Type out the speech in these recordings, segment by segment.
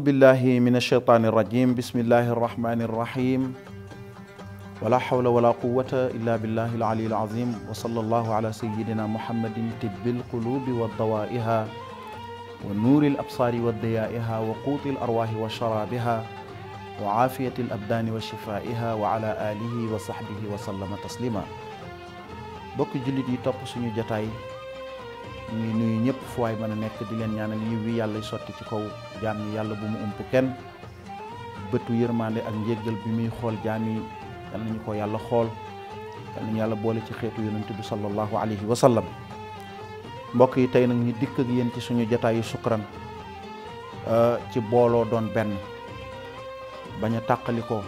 أعوذ بالله من الشيطان الرجيم بسم الله الرحمن الرحيم ولا حول ولا قوة إلا بالله العلي العظيم وصلى الله على سيدنا محمد طب القلوب والضوائها ونور الأبصار والضيائها وقوت الأرواح وشرابها وعافية الأبدان وشفائها وعلى آله وصحبه وسلم تسليما بك جلدي تقصني جتاي ñuy nuyu ñëpp fu waay mën a nekk di leen ñaanal yiw wi yàlla sotti ci kaw jaam yàlla bu mu ump kenn bëtu yërmande ak njéggal bi muy xool jaam yi ko yàlla xool yal yàlla boole ci xeetu yonent bi sallallahu alayhi wa sallam mbokk yi tey nag ñu dikk ak yéen ci suñu jotaayu sukran euh, ci booloo doon benn bañ a tàqali ko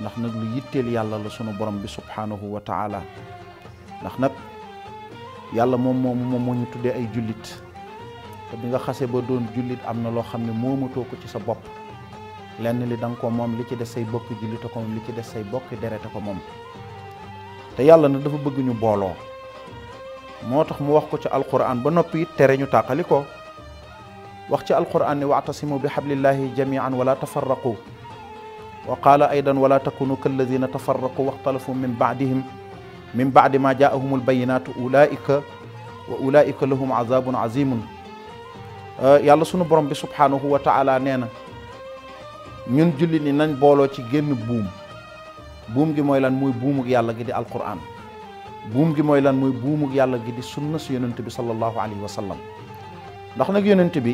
ndax nag lu yitteel yàlla la sunu borom bi subhanahu wa taala ndax nag yàlla moom moom moom moo ñu tuddee ay jullit te bi nga xase ba doon jullit am na loo xam ne moomatoo ko ci sa bopp lenn li da ko moom li ci des say bokki jullit a ko moom li ci def say bokki derete ko moom te yàlla na dafa bëgg ñu booloo moo tax mu wax ko ci alquran ba noppi tere ñu tàqali ko wax ci alquran ne waatasimu bi xablillahi jamian wala tafarraqu wa qaala aydan wala takunu kalladina tafarraqu waxtalafu min baadihim min baadi ma jaahumul bayinaatu ulaika wa ulaika lahum azabun azimun euh, yàlla sunu borom bi subhaanahu wa taala nee na ñun julli ni nañ booloo ci génn buum buum gi mooy lan muy buumuk yàlla gidi di buum gi mooy lan muy buumuk yàlla gi di sunna si yonent bi alayhi wa sallam ndax nag yonent bi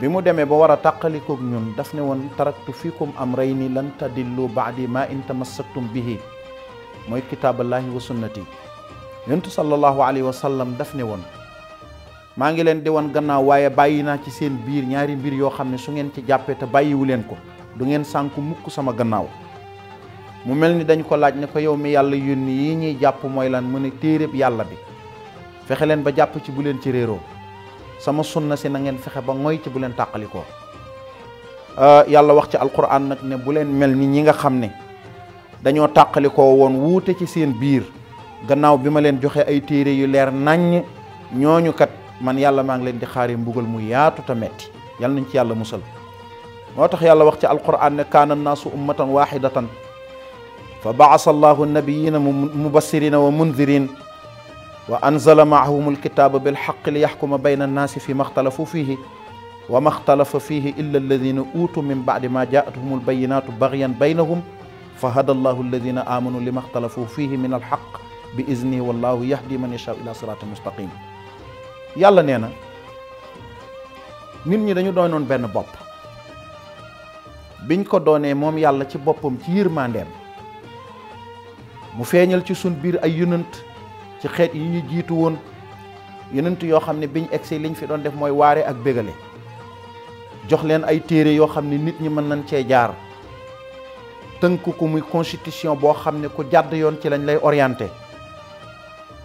bi mu demee ba war a tàqalikoog ñun daf ne woon taraktu fiikum amrayni lan tadillu baadi ma in tamassaktum bihi mooy kitaabullaahi wa sunnati yontu sallallahu alayhi wa sallam daf ne woon maa ngi leen di woon gannaaw waaye bàyyi naa ci seen biir ñaari mbir yoo xam ne su ngeen ci jàppee te bàyyiwu leen ko du ngeen sànku mukk sama gannaaw mu mel ni dañ ko laaj ne ko yow mi yàlla yónni yi ñuy jàpp mooy lan mu ne téeréb yàlla bi fexe leen ba jàpp ci bu leen ci réeroo sama sunna si na ngeen fexe ba ngoy ci bu leen tàqalikoo euh, yàlla wax ci alquran nag ne bu leen mel ni ñi nga xam ne dañoo tàqali ko woon wuute ci seen biir gannaaw bi ma leen joxe ay téere yu leer naññ ñooñu kat man yàlla maa ngi leen di xaari mbugal mu yaatu ta metti yàlla nañ ci yàlla musal moo tax yàlla wax ci alquran ne kaana annaasu ummatan waxidatan fa baasa allahu nabiyina mubassirina wa mundirin wa anzala maahum alkitaba bilxaqi li yaxkuma bayna annaasi fi ma xtalafu fiihi wa ma xtalafa fiihi illa alladina uutu min baadi ma jaatuhum albayinatu bagyan baynahum fa hada allahu alladina amanu li maxtalafu fihi min alxaq bi izni wallahu yahdi man yashaa ila siraatin mustaqim yàlla nee na nit ñi dañu doonoon benn bopp biñ ko doonee moom yàlla ci boppam ci yërmandeem mu feeñal ci sun biir ay yonent ci xeet yi ñu jiitu woon yonent yoo xam ne biñ egsee liñ fi doon def mooy waare ak bégale jox leen ay téere yoo xam ne nit ñi mën nañ cee jaar tënk ko muy constitution boo xam ne ku jàdd yoon ci lañ lay orienté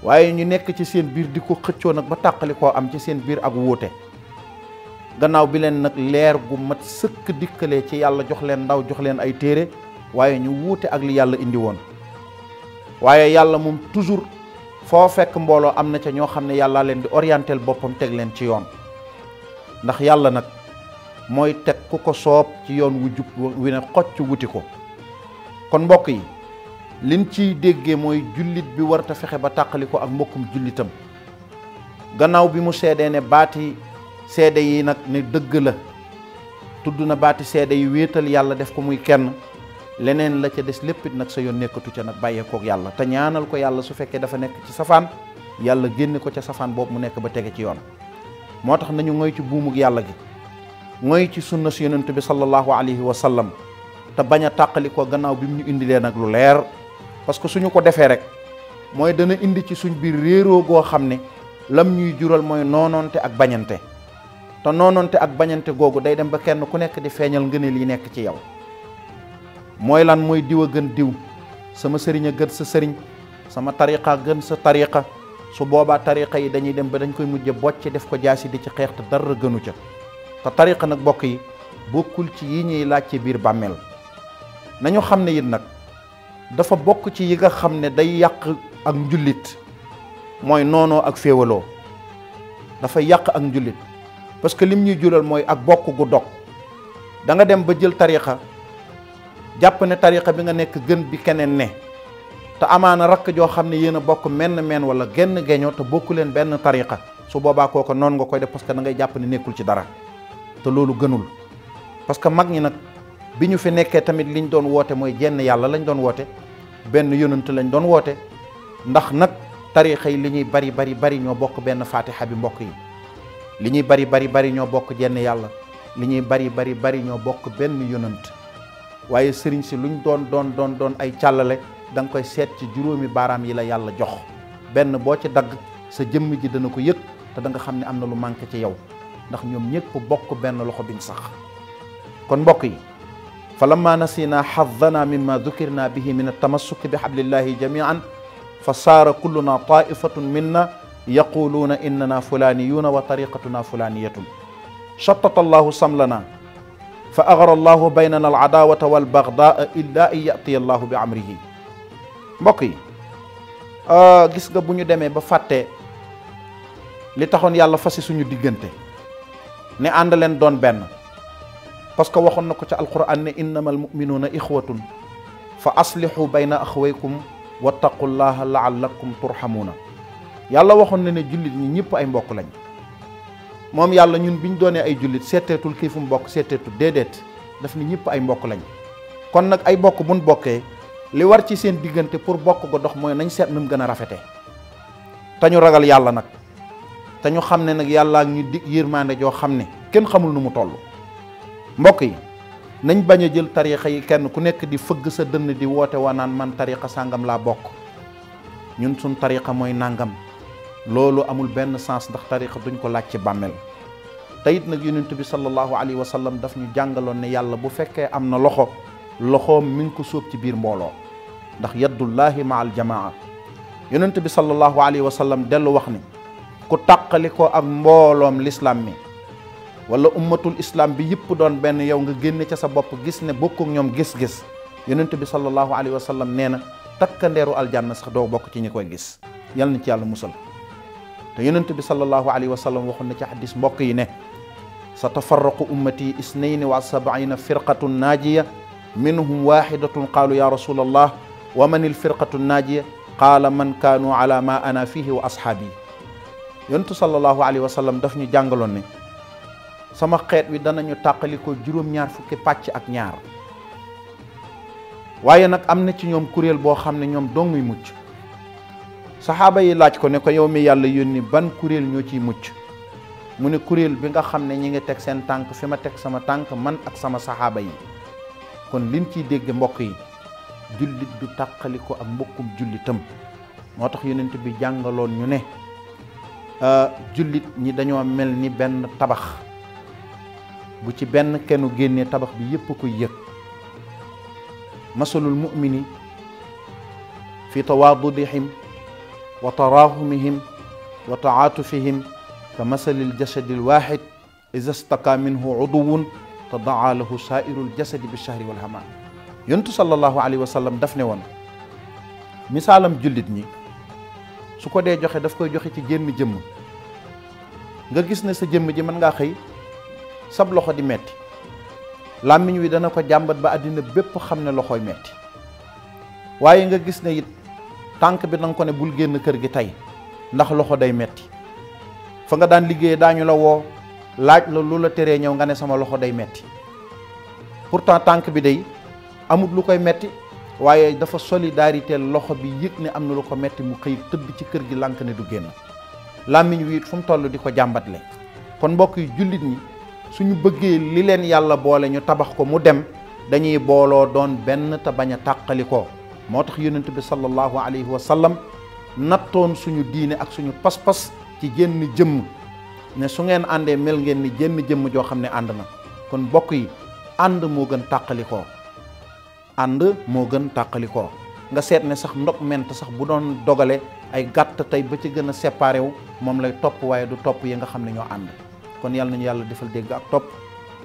waaye ñu nekk ci seen biir di ko xëccoo nag ba tàqali koo am ci seen biir ak wuute gannaaw bi leen nag leer gu mat sëkk dikkalee ci yàlla jox leen ndaw jox leen ay téere waaye ñu wuute ak yàlla indi woon waaye yàlla moom toujours foo fekk mbooloo am na ca ñoo xam ne yàllaa leen di orientel boppam teg leen ci yoon ndax yàlla nag mooy teg ku ko soob ci yoon wu jub wi ne xocc wuti ko kon mbokk yi lim ciy déggee mooy jullit bi warta fexe ba tàqali ko ak mbokkum jullitam gannaaw bi mu seedee ne baati seede yi nag ne dëgg la tudd na baati seede yi wéetal yàlla def ko muy kenn leneen la ca des léppit nag sa yoon nekkatu ca nag bàyyeekook yàlla te ñaanal ko yàlla su fekkee dafa nekk ci safaan yàlla génne ko ca safaan boobu mu nekk ba tege ci yoon moo tax nañu ngoy ci buumug yàlla gi ngoy ci sunna si yonent bi sallallahu alayhi wa te bañ a tàqali ko gannaaw bi mu ñu indilee nag lu leer parce que suñu ko defee rek mooy dana indi ci suñ biir réeroo goo xam ne lam ñuy jural mooy noononte ak bañante te noononte ak bañante googu day dem ba kenn ku nekk di feeñal ngëneel yi nekk ci yow mooy lan mooy diw a gën diw sama sëriñ a gën sa sëriñ sama tariqa gën sa tariqa su boobaa tariqa yi dañuy dem ba dañ koy mujje bocce def ko jaasi di ci xeex te dara gënu ca te tariqa nag bokk yi bokkul ci yi ñuy laaj ci biir bàmmeel nañu xam ne it nag dafa bokk ci yi nga xam ne day yàq ak njullit mooy noonoo ak féewaloo dafa yàq ak njullit parce que lim ñuy jural mooy ak bokk gu dog danga dem ba jël tarixa jàpp ne tarixa bi nga nekk gën bi keneen ne te amaana rakk joo xam ne yéen a bokk menn menn wala genn geño te bokku leen benn tarixa su boobaa kooku noonu nga koy def parce que da ngay jàpp nekkul ci dara te loolu gënul parce que mag ñi nag bi ñu fi nekkee tamit li liñ doon woote mooy jenn yàlla lañ doon woote benn yonent lañu doon woote ndax nag tarixa yi li ñuy bari bari bari ñoo bokk benn fatiha bi mbokk yi li ñuy bari bari bari ñoo bokk jenn yàlla li ñuy bari bari bari ñoo bokk benn yonent waaye sëriñ si luñ doon doon doon doon ay càllale da nga koy seet ci juróomi baaraam yi la yàlla jox benn boo ci dagg sa jëmm ji dana ko yëg te da nga xam ne am na lu manqué ci yow ndax ñoom ñëpp bokk benn loxo biñ sax kon mbokk yi fa lamma nasina xaddana mimma dukirna bihi min altamasuki bi hablillahi jamian fa saara kulluna taifatun minna yaquluuna innana fulaniyuuna wa tariqatuna fulaniyatun shattata allahu samlana fa agara allahu baynana aladaawata walbagdaa illa an yatiya allahu bi amrihi mbokk yi gis nga bu ñu demee ba fàtte li taxoon yàlla fasi suñu diggante ne ànd leen doon benn parce que waxoon na ko ca alquran ne innamal muminuuna ixwatun fa aslihu bayna axwaykum wattaqullaha laallakum turhamuuna yàlla waxoon na ne jullit ñi ñëpp ay mbokk lañ moom yàlla ñun biñ doonee ay jullit seeteetul kii fu mu bokk seeteetu déedéet daf ni ñëpp ay mbokk lañ kon nag ay bokk buñ bokkee li war ci seen diggante pour bokk ko dox mooy nañ seet nu gën a rafete tañu ragal yàlla nag te xam ne nag yàlla ak ñu dig yërmande joo xam ne kenn xamul nu mu toll mbokk yi nañ bañ a jël tarixa yi kenn ku nekk di fëgg sa dënn di woote waa naan man tarixa sàngam laa bokk ñun suñ tarixa mooy nàngam loolu amul benn sens ndax tarixa duñ ko laaj ci bàmmeel te it nag yonent bi sallallahu alayhi wa sallam daf ñu jàngaloon ne yàlla bu fekkee am na loxo loxoom mi ngi ko sóob ci biir mbooloo ndax yaddullahi ma al jamaa yonent bi sallallahu alayhi wa sallam dellu wax ni ku tàqali ko am mbooloom lislaam mi wala ummatul islam bi yëpp doon benn yow nga génne ca sa bopp gis ne bokku ñoom gis-gis yonent bi sallallahu alayhi wa sallam nee na takkandeeru aljanna sax doo bokk ci ñi koy gis yal ci yàlla musal te yonent bi sallallahu alayhi wa sallam mbokk yi ne sa tafarraqu ummati isnayni wa sabaina firqatun naajiya minhum waxidatun qaalu ya rasul wa man il firqatu naajiya qaala man kaanu ala ma ana fihi wa ashaabi yonentu sallallahu alayhi wa sallam daf ñu jàngaloon ne sama xeet wi danañu tàqalikoo juróom-ñaar fukki pàcc ak ñaar waaye nag am na ci ñoom kuréel boo xam ne ñoom dong muy mucc saxaaba yi laaj ko ne ko yow mi yàlla yónni ban kuréel ñoo ciy mucc mu ne kuréel bi nga xam ne ñi ngi teg seen tànk fi ma teg sama tànk man ak sama saxaaba yi kon liñ ciy dégg mbokk yi jullit du tàqali ak mbokkum jullitam moo tax yonent bi jàngaloon ñu ne euh, jullit ñi dañoo mel ni benn tabax bu ci benn kenu génnee tabax bi yëpp koy yëg masalul mumini fi tawaadudihim wa tarahumihim wa taatufihim ka masalil jasadil waaxid ida staka minhu uduwun tadaa lahu saa'irul jasadi bi shahri wal hamaa yontu sallallahu alayhi wa sallam daf ne woon misaalam jullit ñi su ko dee joxe daf koy joxe ci jénn jëmm nga gis ne sa jëmm ji mën ngaa xëy sab loxo di metti làmmiñ wi dana ko jàmbat ba àddina bépp xam ne loxooy metti waaye nga gis ne it tànk bi danga ko ne bul génn kër gi tey ndax loxo day metti fa nga daan liggéey daañu la woo laaj la lu la teree ñëw nga ne sama loxo day metti pourtant tànk bi day amut lu koy metti waaye dafa solidarité loxo bi yëg ne am na lu ko metti mu xëy tëbb ci kër gi lànk ne du génn làmmiñ wi it fu mu toll di ko jàmbat jàmbatle kon mbokk yi jullit ñi suñu bëggee li leen yàlla boole ñu tabax ko mu dem dañuy booloo doon benn te bañ a tàqali ko moo tax yonent bi sallallahu alayhi wa sallam nattoon suñu diine ak suñu pas-pas ci génn jëmm ne su ngeen àndee mel ngeen ni génn jëmm joo xam ne ànd na kon bokk yi ànd moo gën tàqali ko ànd moo gën tàqali ko nga seet ne sax ndog ment sax bu doon dogale ay gàtt tey ba ci gën a séparé wu moom lay topp waaye du topp yi nga xam ne ñoo ànd kon yàlla nañu yàlla defal dégg ak topp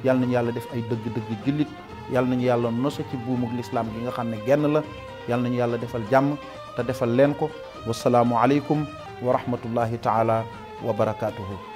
yàlla nañu yàlla def ay dëgg-dëgg jullit yàlla nañu yàlla noso ci buumug lislaam gi nga xam ne genn la yàlla nañu yàlla defal jàmm te defal leen ko wasalaamu aleykum wa rahmatullahi taala wa barakaatuhu